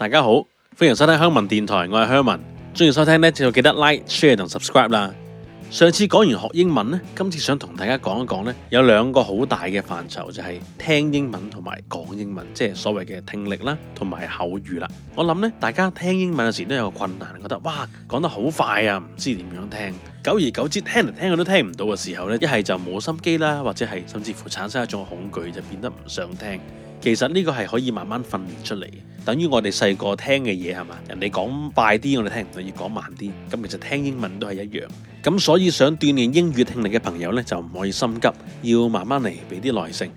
大家好，歡迎收聽香文電台，我係香文，中意收聽呢，就記得 like、share 同 subscribe 啦。上次講完學英文呢，今次想同大家講一講呢，有兩個好大嘅範疇，就係聽英文同埋講英文，即係所謂嘅聽力啦，同埋口語啦。我諗呢，大家聽英文嘅時都有個困難，覺得哇講得好快啊，唔知點樣聽。久而久之，聽嚟聽去都聽唔到嘅時候呢，一係就冇心機啦，或者係甚至乎產生一種恐懼，就變得唔想聽。其實呢個係可以慢慢訓練出嚟，等於我哋細個聽嘅嘢係嘛，人哋講快啲我哋聽唔到，要講慢啲，咁其實聽英文都係一樣。咁所以想鍛鍊英語聽力嘅朋友呢，就唔可以心急，要慢慢嚟，俾啲耐性。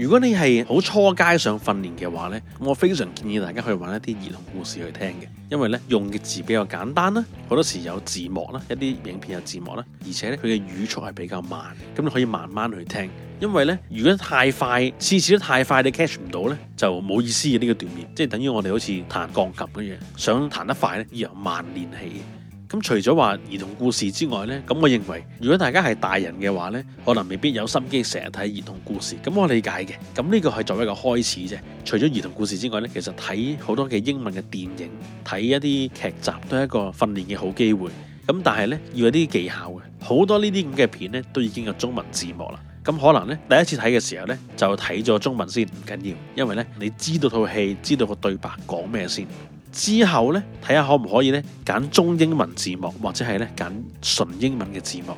如果你係好初階想訓練嘅話呢，我非常建議大家去揾一啲兒童故事去聽嘅，因為呢用嘅字比較簡單啦，好多時有字幕啦，一啲影片有字幕啦，而且佢嘅語速係比較慢，咁你可以慢慢去聽。因為呢，如果太快，次次都太快，你 catch 唔到呢就冇意思嘅呢、呢個鍛鍊，即係等於我哋好似彈鋼琴咁樣，想彈得快呢要由慢練起。咁除咗話兒童故事之外呢，咁我認為如果大家係大人嘅話呢，可能未必有心機成日睇兒童故事，咁我理解嘅。咁呢個係作為一個開始啫。除咗兒童故事之外呢，其實睇好多嘅英文嘅電影，睇一啲劇集都係一個訓練嘅好機會。咁但係呢，要有啲技巧嘅，好多呢啲咁嘅片呢，都已經有中文字幕啦。咁可能呢，第一次睇嘅時候呢，就睇咗中文先，唔緊要，因為呢，你知道套戲，知道個對白講咩先。之後呢，睇下可唔可以呢，揀中英文字幕，或者係呢揀純英文嘅字幕。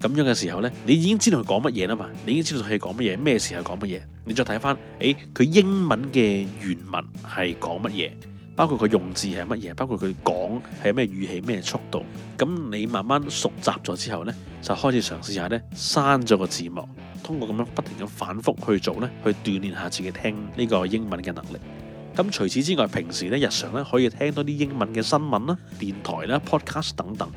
咁樣嘅時候呢，你已經知道佢講乜嘢啦嘛，你已經知道佢講乜嘢，咩時候講乜嘢。你再睇返，誒、欸、佢英文嘅原文係講乜嘢，包括佢用字係乜嘢，包括佢講係咩語氣、咩速度。咁你慢慢熟習咗之後呢，就開始嘗試下呢，刪咗個字幕，通過咁樣不停咁反覆去做呢，去鍛鍊下自己聽呢個英文嘅能力。咁除此之外，平時咧，日常咧，可以聽多啲英文嘅新聞啦、啊、電台啦、啊、podcast 等等，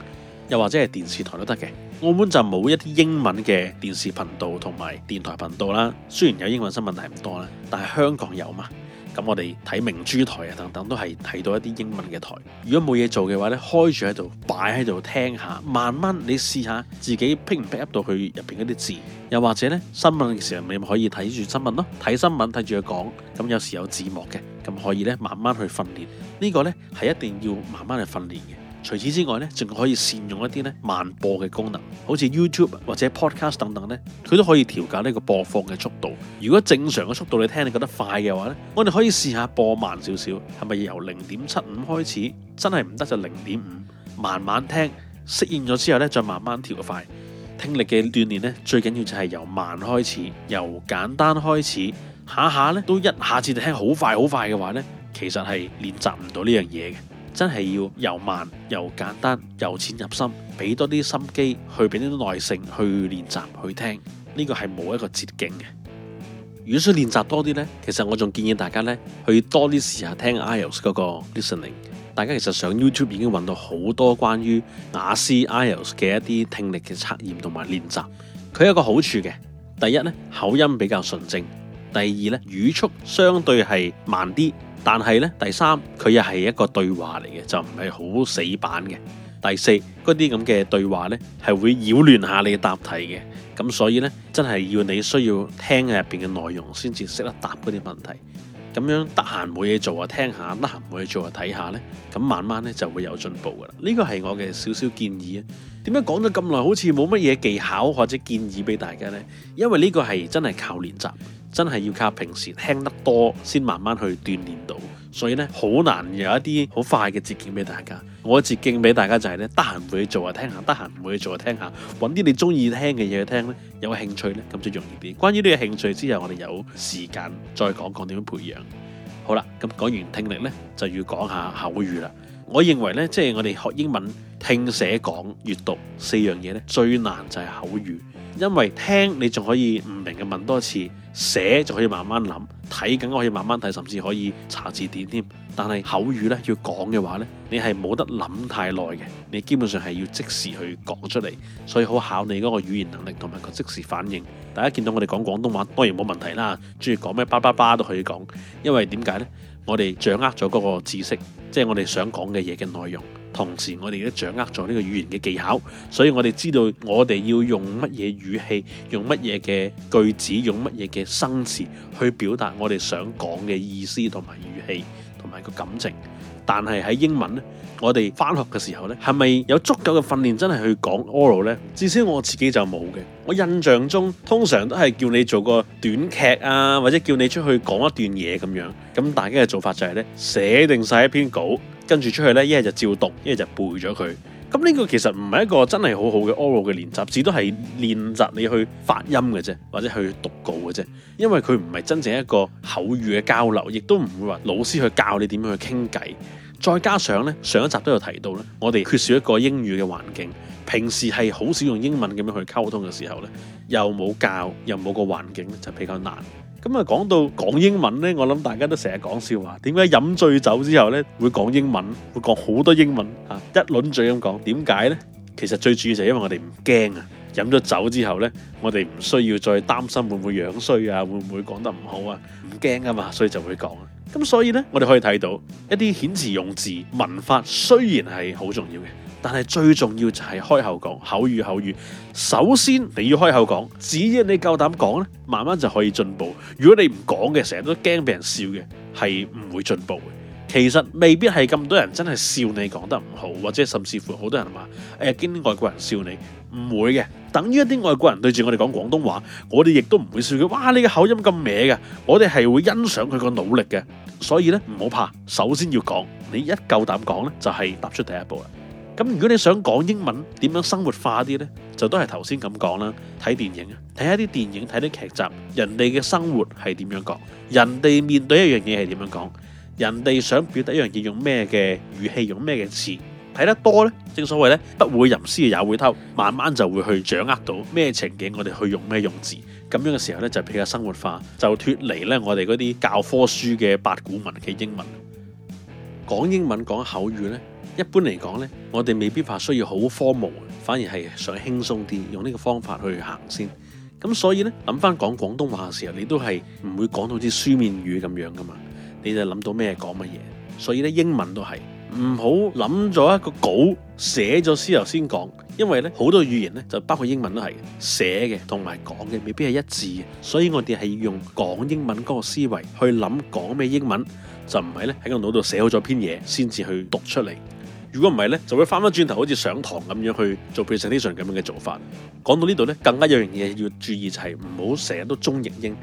又或者係電視台都得嘅。澳門就冇一啲英文嘅電視頻道同埋電台頻道啦。雖然有英文新聞但係唔多啦，但係香港有嘛。咁我哋睇明珠台啊等等，都係睇到一啲英文嘅台。如果冇嘢做嘅話咧，開住喺度，擺喺度聽下，慢慢你試下自己拼唔拼得到佢入邊嗰啲字，又或者咧新聞嘅時候，你咪可以睇住新聞咯，睇新聞睇住佢講，咁有時有字幕嘅。咁可以咧，慢慢去訓練。呢個呢，係一定要慢慢去訓練嘅。除此之外呢，仲可以善用一啲咧慢播嘅功能，好似 YouTube 或者 Podcast 等等呢，佢都可以調校呢個播放嘅速度。如果正常嘅速度你聽你覺得快嘅話呢，我哋可以試下播慢少少，係咪由零點七五開始？真係唔得就零點五，慢慢聽，適應咗之後呢，再慢慢調快。聽力嘅鍛鍊呢，最緊要就係由慢開始，由簡單開始。下下咧，都一下子就聽好快好快嘅話呢，其實係練習唔到呢樣嘢嘅。真係要由慢、由簡單、由淺入深，俾多啲心機去，俾啲耐性去練習去聽呢，這個係冇一個捷徑嘅。如果想練習多啲呢，其實我仲建議大家呢，去多啲試下聽 IELTS 嗰個 Listening。大家其實上 YouTube 已經揾到好多關於雅思 IELTS 嘅一啲聽力嘅測驗同埋練習。佢有一個好處嘅，第一呢，口音比較純正。第二咧，語速相對係慢啲，但係咧，第三佢又係一個對話嚟嘅，就唔係好死板嘅。第四嗰啲咁嘅對話咧，係會擾亂下你嘅答題嘅。咁所以咧，真係要你需要聽下入邊嘅內容先至識得答嗰啲問題。咁樣得閒冇嘢做啊聽下，得閒冇嘢做啊睇下咧，咁慢慢咧就會有進步噶啦。呢個係我嘅少少建議啊。點解講咗咁耐好似冇乜嘢技巧或者建議俾大家咧？因為呢個係真係靠練習。真係要靠平時聽得多，先慢慢去鍛煉到。所以呢，好難有一啲好快嘅捷徑俾大家。我捷徑俾大家就係呢：得閒唔會去做啊聽下，得閒唔會去做啊聽下，揾啲你中意聽嘅嘢去聽，呢有興趣呢，咁就容易啲。關於呢個興趣之後，我哋有時間再講講點樣培養。好啦，咁講完聽力呢，就要講下口語啦。我認為呢，即係我哋學英文聽寫講閱讀四樣嘢呢，最難就係口語。因為聽你仲可以唔明嘅問多次，寫就可以慢慢諗，睇緊可以慢慢睇，甚至可以查字典添。但係口語呢，要講嘅話呢，你係冇得諗太耐嘅，你基本上係要即時去講出嚟，所以好考你嗰個語言能力同埋個即時反應。大家見到我哋講廣東話當然冇問題啦，中意講咩叭叭叭都可以講，因為點解呢？我哋掌握咗嗰個知識，即係我哋想講嘅嘢嘅內容。同時，我哋都掌握咗呢個語言嘅技巧，所以我哋知道我哋要用乜嘢語氣、用乜嘢嘅句子、用乜嘢嘅生詞去表達我哋想講嘅意思同埋語氣同埋個感情。但係喺英文呢，我哋返學嘅時候呢，係咪有足夠嘅訓練真係去講 oral 呢？至少我自己就冇嘅。我印象中通常都係叫你做個短劇啊，或者叫你出去講一段嘢咁樣。咁大家嘅做法就係呢：寫定晒一篇稿。跟住出去呢，一係就照讀，一係就背咗佢。咁呢個其實唔係一個真係好好嘅 oral 嘅練習，只都係練習你去發音嘅啫，或者去讀稿嘅啫。因為佢唔係真正一個口語嘅交流，亦都唔會話老師去教你點樣去傾偈。再加上呢，上一集都有提到呢，我哋缺少一個英語嘅環境，平時係好少用英文咁樣去溝通嘅時候呢，又冇教，又冇個環境，就比較難。咁啊，講到講英文呢，我諗大家都成日講笑話，點解飲醉酒之後呢，會講英文，會講好多英文啊，一輪嘴咁講，點解呢？其實最主要就係因為我哋唔驚啊，飲咗酒之後呢，我哋唔需要再擔心會唔會樣衰啊，會唔會講得唔好啊，唔驚啊嘛，所以就會講。咁所以呢，我哋可以睇到一啲遣詞用字、文法雖然係好重要嘅。但係最重要就係開口講口，口語，口語，首先你要開口講，只要你夠膽講咧，慢慢就可以進步。如果你唔講嘅，成日都驚俾人笑嘅，係唔會進步嘅。其實未必係咁多人真係笑你講得唔好，或者甚至乎好多人話誒，驚、呃、啲外國人笑你，唔會嘅。等於一啲外國人對住我哋講廣東話，我哋亦都唔會笑佢。哇，你嘅口音咁歪嘅，我哋係會欣賞佢個努力嘅。所以咧，唔好怕，首先要講，你一夠膽講咧，就係、是、踏出第一步啦。咁如果你想講英文，點樣生活化啲呢？就都係頭先咁講啦。睇電影啊，睇一啲電影，睇啲劇集，人哋嘅生活係點樣講，人哋面對一樣嘢係點樣講，人哋想表達一樣嘢用咩嘅語氣，用咩嘅詞，睇得多呢，正所謂呢，不會吟詩也會偷，慢慢就會去掌握到咩情景我哋去用咩用字，咁樣嘅時候呢就比較生活化，就脫離呢我哋嗰啲教科書嘅八股文嘅英文，講英文講口語呢。一般嚟講呢，我哋未必話需要好 formal，反而係想輕鬆啲，用呢個方法去先行先。咁所以呢，諗翻講廣東話嘅時候，你都係唔會講到啲書面語咁樣噶嘛，你就諗到咩講乜嘢。所以呢，英文都係唔好諗咗一個稿寫咗之後先講，因為呢，好多語言呢，就包括英文都係寫嘅同埋講嘅未必係一致，所以我哋係用講英文嗰個思維去諗講咩英文，就唔係呢喺個腦度寫好咗篇嘢先至去讀出嚟。如果唔係咧，就會翻返轉頭好似上堂咁樣去做 presentation 咁樣嘅做法。講到呢度咧，更加有樣嘢要注意，就係唔好成日都中譯英。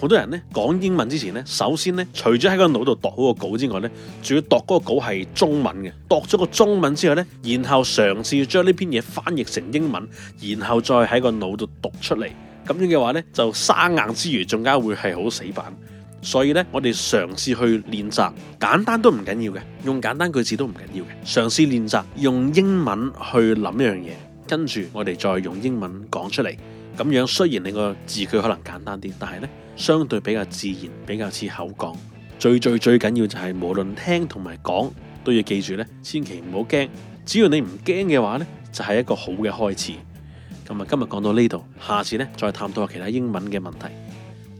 好多人咧，講英文之前咧，首先咧除咗喺個腦度度好個稿之外咧，仲要度嗰個稿係中文嘅。度咗個中文之後咧，然後嘗試將呢篇嘢翻譯成英文，然後再喺個腦度讀出嚟。咁樣嘅話咧，就生硬之餘，仲加會係好死板。所以咧，我哋嘗試去練習，簡單都唔緊要嘅，用簡單句子都唔緊要嘅，嘗試練習用英文去諗一樣嘢，跟住我哋再用英文講出嚟。咁樣雖然你個字句可能簡單啲，但係咧，相對比較自然，比較似口講。最最最緊要就係無論聽同埋講都要記住咧，千祈唔好驚。只要你唔驚嘅話咧，就係一個好嘅開始。咁啊，今日講到呢度，下次咧再探討下其他英文嘅問題。